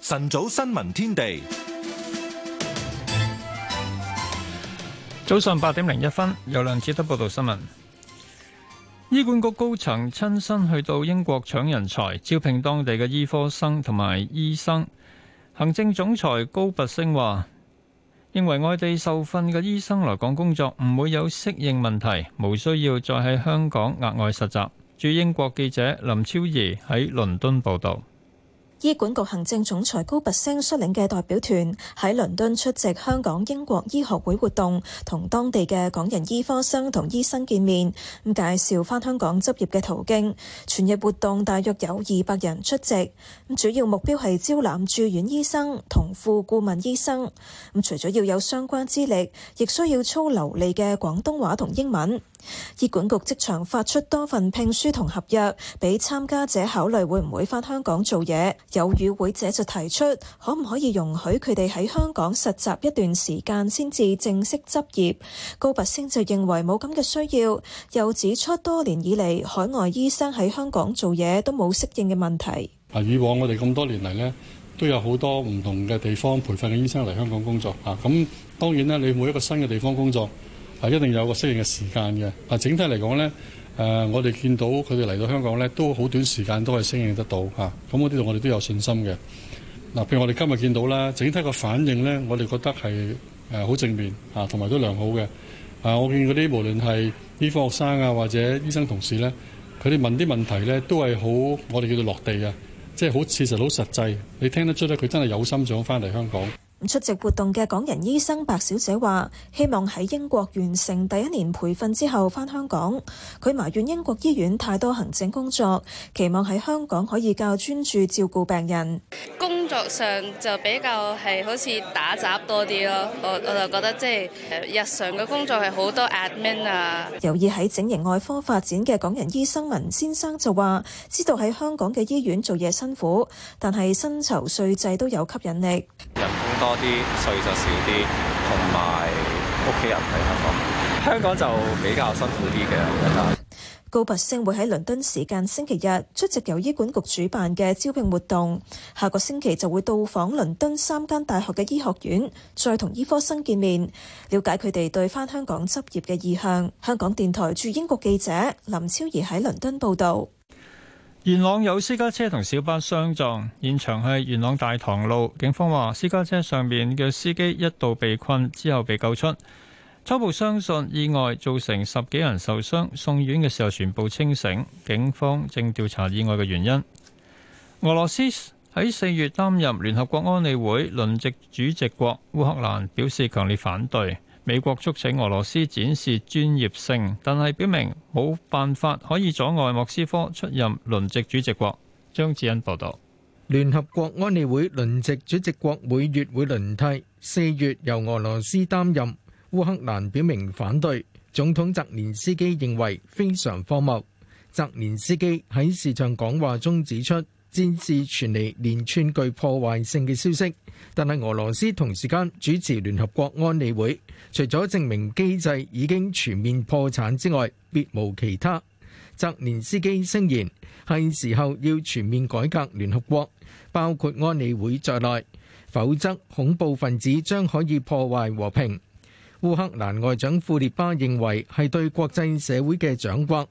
晨早新聞天地，早上八點零一分有兩次得報道新聞。醫管局高層親身去到英國搶人才，招聘當地嘅醫科生同埋醫生。行政總裁高拔升話，認為外地受訓嘅醫生來港工作唔會有適應問題，冇需要再喺香港額外實習。駐英國記者林超儀喺倫敦報道。醫管局行政總裁高拔升率領嘅代表團喺倫敦出席香港英國醫學會活動，同當地嘅港人醫科生同醫生見面，咁介紹返香港執業嘅途徑。全日活動大約有二百人出席，咁主要目標係招攬住院醫生同副顧問醫生。咁除咗要有相關資歷，亦需要操流利嘅廣東話同英文。醫管局即場發出多份聘書同合約，俾參加者考慮會唔會返香港做嘢。有與會者就提出，可唔可以容許佢哋喺香港實習一段時間先至正式執業？高拔陞就認為冇咁嘅需要，又指出多年以嚟海外醫生喺香港做嘢都冇適應嘅問題。以往我哋咁多年嚟呢，都有好多唔同嘅地方培訓嘅醫生嚟香港工作。啊，咁當然咧，你每一個新嘅地方工作。啊，一定有一個適應嘅時間嘅。啊，整體嚟講呢，誒，我哋見到佢哋嚟到香港呢，都好短時間都係適應得到嚇。咁嗰啲度我哋都有信心嘅。嗱，譬如我哋今日見到啦，整體個反應呢，我哋覺得係誒好正面，同埋都良好嘅。啊，我見嗰啲無論係醫科學生啊，或者醫生同事呢，佢哋問啲問題呢，都係好我哋叫做落地嘅，即係好切實、好實際。你聽得出咧，佢真係有心想翻嚟香港。出席活動嘅港人醫生白小姐話，希望喺英國完成第一年培訓之後返香港。佢埋怨英國醫院太多行政工作，期望喺香港可以較專注照顧病人。工作上就比較係好似打雜多啲咯。我我就覺得即係日常嘅工作係好多 admin 啊。有意喺整形外科發展嘅港人醫生文先生就話，知道喺香港嘅醫院做嘢辛苦，但係薪酬稅制都有吸引力。多啲，所以就少啲，同埋屋企人喺香港，香港就比較辛苦啲嘅。高拔陞會喺倫敦時間星期日出席由醫管局主辦嘅招聘活動，下個星期就會到訪倫敦三間大學嘅醫學院，再同醫科生見面，了解佢哋對返香港執業嘅意向。香港電台駐英國記者林超儀喺倫敦報導。元朗有私家車同小巴相撞，現場喺元朗大棠路。警方話私家車上面嘅司機一度被困，之後被救出。初步相信意外造成十幾人受傷，送院嘅時候全部清醒。警方正調查意外嘅原因。俄羅斯喺四月擔任聯合國安理會輪值主席國，烏克蘭表示強烈反對。美國促請俄羅斯展示專業性，但係表明冇辦法可以阻礙莫斯科出任輪值主席國。張智恩報導，聯合國安理會輪值主席國每月會輪替，四月由俄羅斯擔任。烏克蘭表明反對，總統澤連斯基認為非常荒謬。澤連斯基喺視像講話中指出，先至傳嚟連串具破壞性嘅消息，但係俄羅斯同時間主持聯合國安理會，除咗證明機制已經全面破產之外，別無其他。澤連斯基聲言係時候要全面改革聯合國，包括安理會在內，否則恐怖分子將可以破壞和平。烏克蘭外長庫列巴認為係對國際社會嘅掌摑。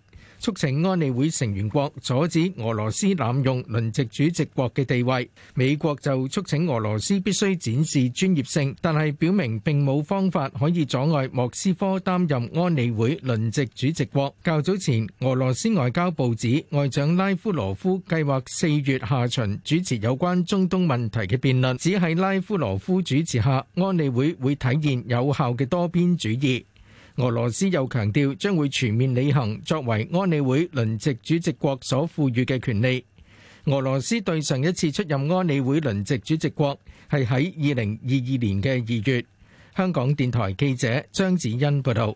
促請安理會成員國阻止俄羅斯濫用輪值主席國嘅地位。美國就促請俄羅斯必須展示專業性，但係表明並冇方法可以阻礙莫斯科擔任安理會輪值主席國。較早前，俄羅斯外交部指外長拉夫羅夫計劃四月下旬主持有關中東問題嘅辯論。只係拉夫羅夫主持下，安理會會體現有效嘅多邊主義。俄羅斯又強調將會全面履行作為安理會輪值主席國所賦予嘅權利。俄羅斯對上一次出任安理會輪值主席國係喺二零二二年嘅二月。香港電台記者張子欣報道，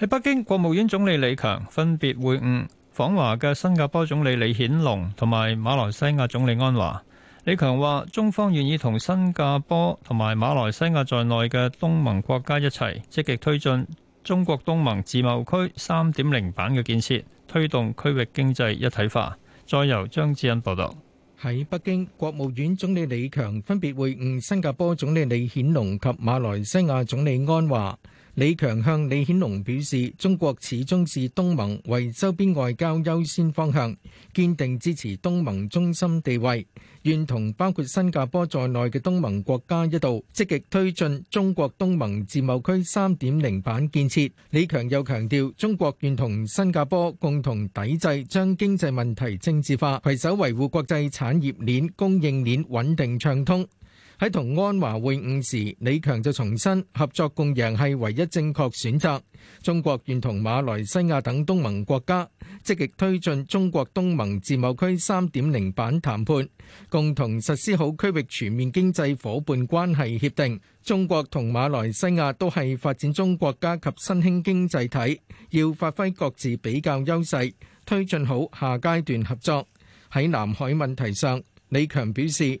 喺北京，國務院總理李強分別會晤訪華嘅新加坡總理李顯龍同埋馬來西亞總理安華。李強話：中方願意同新加坡同埋馬來西亞在內嘅東盟國家一齊，積極推進中國東盟自貿區三點零版嘅建設，推動區域經濟一體化。再由張志恩報道。喺北京，國務院總理李強分別會晤新加坡總理李顯龍及馬來西亞總理安華。李強向李顯龍表示，中國始終視東盟為周邊外交優先方向，堅定支持東盟中心地位，願同包括新加坡在內嘅東盟國家一道，積極推進中國東盟自貿區三點零版建設。李強又強調，中國願同新加坡共同抵制將經濟問題政治化，攜手維護國際產業鏈供應鏈穩定暢通。喺同安華會晤時，李強就重申合作共贏係唯一正確選擇。中國願同馬來西亞等東盟國家積極推進中國東盟自貿區三點零版談判，共同實施好區域全面經濟夥伴關係協定。中國同馬來西亞都係發展中國家及新興經濟體，要發揮各自比較優勢，推進好下階段合作。喺南海問題上，李強表示，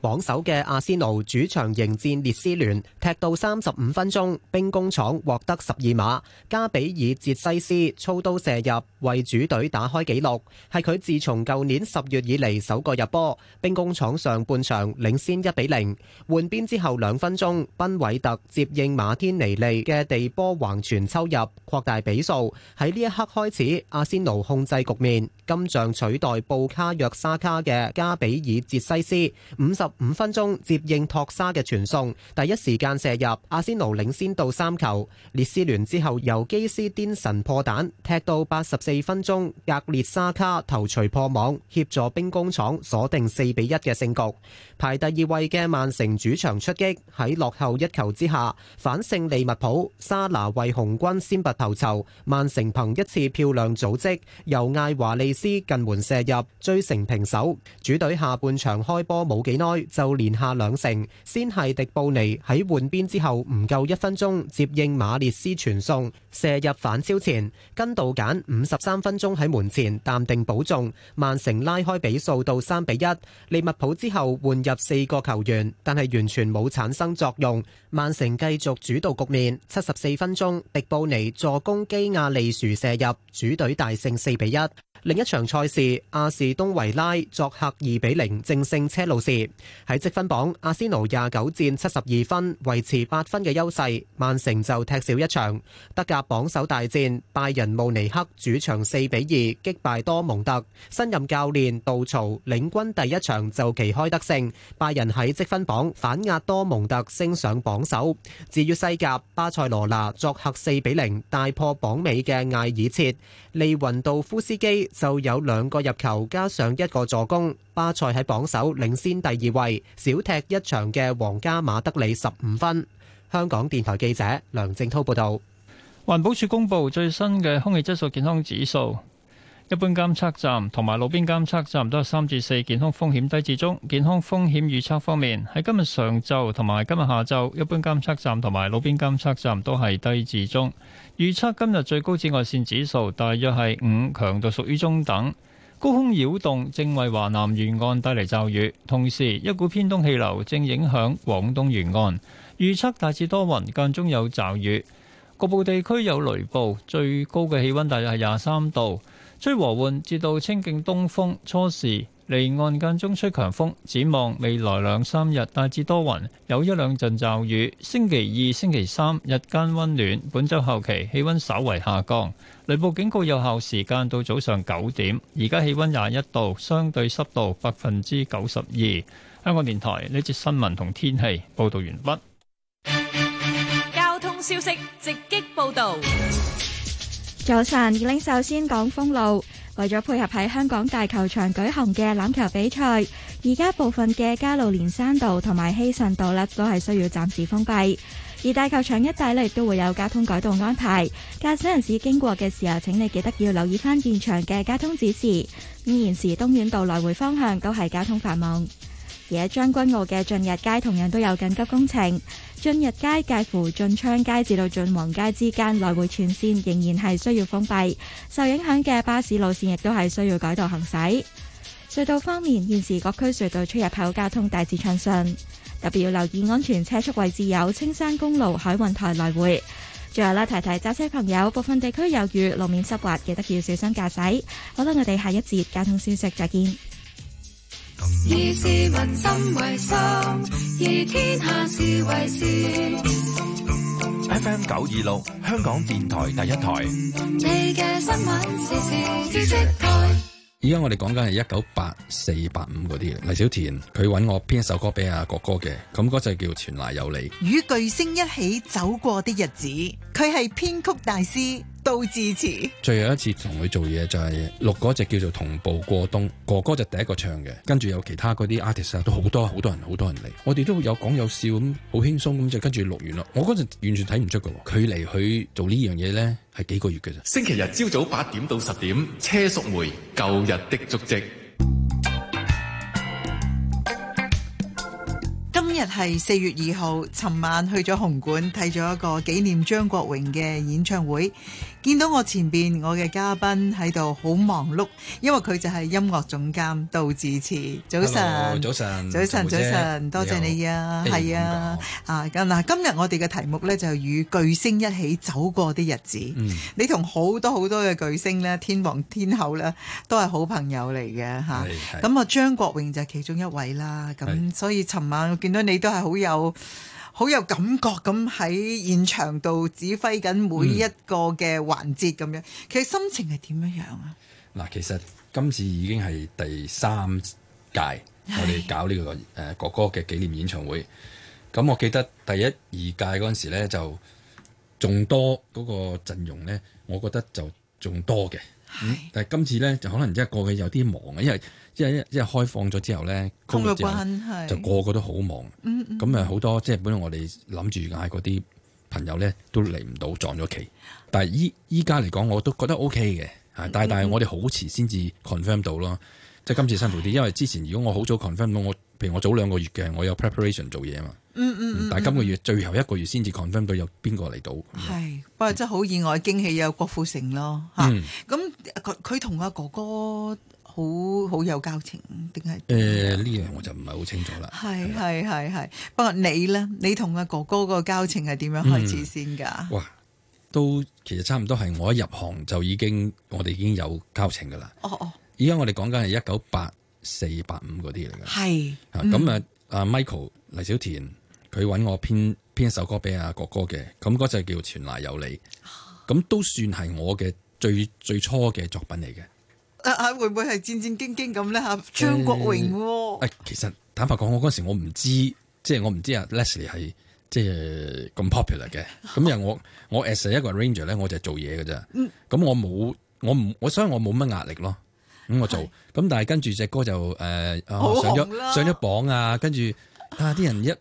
榜首嘅阿仙奴主場迎戰列斯聯，踢到三十五分鐘，兵工廠獲得十二碼，加比爾捷西斯操刀射入，為主隊打開紀錄，係佢自從舊年十月以嚟首個入波。兵工廠上半場領先一比零，換邊之後兩分鐘，賓韋特接應馬天尼利嘅地波橫傳抽入，擴大比數。喺呢一刻開始，阿仙奴控制局面，金像取代布卡約沙卡嘅加比爾捷西斯五十五分鐘接應托沙嘅傳送，第一時間射入，阿仙奴領先到三球。列斯聯之後由基斯顛神破蛋，踢到八十四分鐘，格列沙卡頭錘破網，協助兵工廠鎖定四比一嘅勝局。排第二位嘅曼城主場出擊，喺落後一球之下反勝利物浦。沙拿為紅軍先拔頭籌，曼城憑一次漂亮組織，由艾華利斯近門射入，追成平手。主隊下半場開波冇幾耐。就連下兩城，先係迪布尼喺換邊之後唔夠一分鐘接應馬列斯傳送射入反超前，根度簡五十三分鐘喺門前淡定補中。曼城拉開比數到三比一。利物浦之後換入四個球員，但係完全冇產生作用，曼城繼續主導局面。七十四分鐘，迪布尼助攻基亞利殊射入，主隊大勝四比一。另一場賽事，阿士東維拉作客二比零正勝車路士。喺積分榜，阿仙奴廿九戰七十二分，維持八分嘅優勢。曼城就踢少一場，德甲榜首大戰，拜仁慕尼黑主場四比二擊敗多蒙特。新任教練杜曹領軍第一場就旗開得勝，拜仁喺積分榜反壓多蒙特，升上榜首。至於西甲，巴塞羅那作客四比零大破榜尾嘅艾爾切，利雲道夫斯基。就有兩個入球，加上一個助攻，巴塞喺榜首，領先第二位少踢一場嘅皇家馬德里十五分。香港電台記者梁正滔報導。環保署公布最新嘅空氣質素健康指數。一般監測站同埋路邊監測站都係三至四，健康風險低至中。健康風險預測方面，喺今日上晝同埋今日下晝，一般監測站同埋路邊監測站都係低至中預測。預測今日最高紫外線指數大約係五，強度屬於中等。高空擾動正為華南沿岸帶嚟驟雨，同時一股偏東氣流正影響廣東沿岸，預測大致多雲，間中有驟雨，局部地區有雷暴。最高嘅氣温大約係廿三度。吹和緩，至到清勁東風初時，離岸間中吹強風。展望未來兩三日，大致多雲，有一兩陣驟雨。星期二、星期三日間溫暖，本周後期氣溫稍為下降。雷暴警告有效時間到早上九點。而家氣溫廿一度，相對濕度百分之九十二。香港電台呢節、這個、新聞同天氣報道完畢。交通消息直擊報道。早晨，而領首先講封路，為咗配合喺香港大球場舉行嘅欖球比賽，而家部分嘅加路連山道同埋希慎道咧都係需要暫時封閉，而大球場一帶咧亦都會有交通改道安排，駕駛人士經過嘅時候請你記得要留意翻現場嘅交通指示。咁現時東遠道來回方向都係交通繁忙。而將軍澳嘅駿日街同樣都有緊急工程，駿日街介乎駿昌街至到駿皇街之間來回全線仍然係需要封閉，受影響嘅巴士路線亦都係需要改道行駛。隧道方面，現時各區隧道出入口交通大致暢順，特別要留意安全車速位置有青山公路海運台來回。最後啦，提提揸車朋友，部分地區有雨，路面濕滑，記得要小心駕駛。好啦，我哋下一節交通消息再見。以市民心為心，以天下事為先 F M 九二六香港電台第一台。你嘅新聞時事知識台。依 家樂我哋講緊係一九八四八五嗰啲黎小田，佢搵我編一首歌俾阿國哥嘅，咁歌就叫《全賴有你》。與巨星一起走過的日子，佢係編曲大師。都支持。最後一次同佢做嘢就係錄嗰隻叫做同步過冬，哥哥就第一個唱嘅，跟住有其他嗰啲 artist 都好多好多人，好多人嚟，我哋都有講有笑咁，好輕鬆咁就跟住錄完咯。我嗰陣完全睇唔出嘅，距離佢做呢樣嘢呢係幾個月嘅啫。星期日朝早八點到十點，車淑梅舊日的足跡。今日係四月二號，尋晚去咗紅館睇咗一個紀念張國榮嘅演唱會。見到我前面，我嘅嘉賓喺度好忙碌，因為佢就係音樂總監杜自持。早晨，Hello，早晨，早晨，早晨，多謝你啊，係啊，啊咁嗱，今日我哋嘅題目呢，就係與巨星一起走過啲日子。嗯、你同好多好多嘅巨星呢，天王天后呢，都係好朋友嚟嘅吓咁啊，張國榮就係其中一位啦。咁所以尋晚我見到你都係好有好有感覺，咁喺現場度指揮緊每一個嘅環節咁樣、嗯，其實心情係點樣樣啊？嗱，其實今次已經係第三屆，我哋搞呢個誒哥哥嘅紀念演唱會。咁我記得第一、二屆嗰陣時呢，就仲多嗰個陣容呢，我覺得就。仲多嘅，嗯、但係今次呢，就可能即係過去有啲忙啊，因為因為因為開放咗之後呢，就個個都好忙，咁啊好多即係本來我哋諗住嗌嗰啲朋友呢，都嚟唔到，撞咗期。但係依依家嚟講，我都覺得 OK 嘅，但係、嗯、但係我哋好遲先至 confirm 到咯。即係今次辛苦啲，因為之前如果我好早 confirm 到，我譬如我早兩個月嘅，我有 preparation 做嘢嘛。嗯嗯但係今個月、嗯、最後一個月先至 confirm 到他有邊個嚟到。係、嗯、不過真係好意外嘅驚喜有郭富城咯吓，咁佢佢同阿哥哥好好有交情，定係誒呢樣、呃、我就唔係好清楚啦。係係係係，不過你咧，你同阿哥哥個交情係點樣開始先噶？哇、嗯，都其實差唔多係我一入行就已經我哋已經有交情噶啦。哦哦，而家我哋講緊係一九八四八五嗰啲嚟嘅。係咁、嗯、啊阿 Michael 黎小田。佢揾我編編一首歌俾阿哥哥嘅，咁嗰隻叫《傳來有你》，咁都算係我嘅最最初嘅作品嚟嘅、啊。啊，會唔會係戰戰兢兢咁咧？嚇、啊，張國榮喎、啊啊。其實坦白講，我嗰時我唔知，即係我唔知啊 Leslie 係即係咁 popular 嘅。咁因為我我 as 一個 arranger 咧、嗯，我就係做嘢嘅啫。咁我冇，我唔，我所以我冇乜壓力咯。咁我做，咁但係跟住隻歌就誒、呃啊、上咗上咗榜啊！跟住啊，啲人一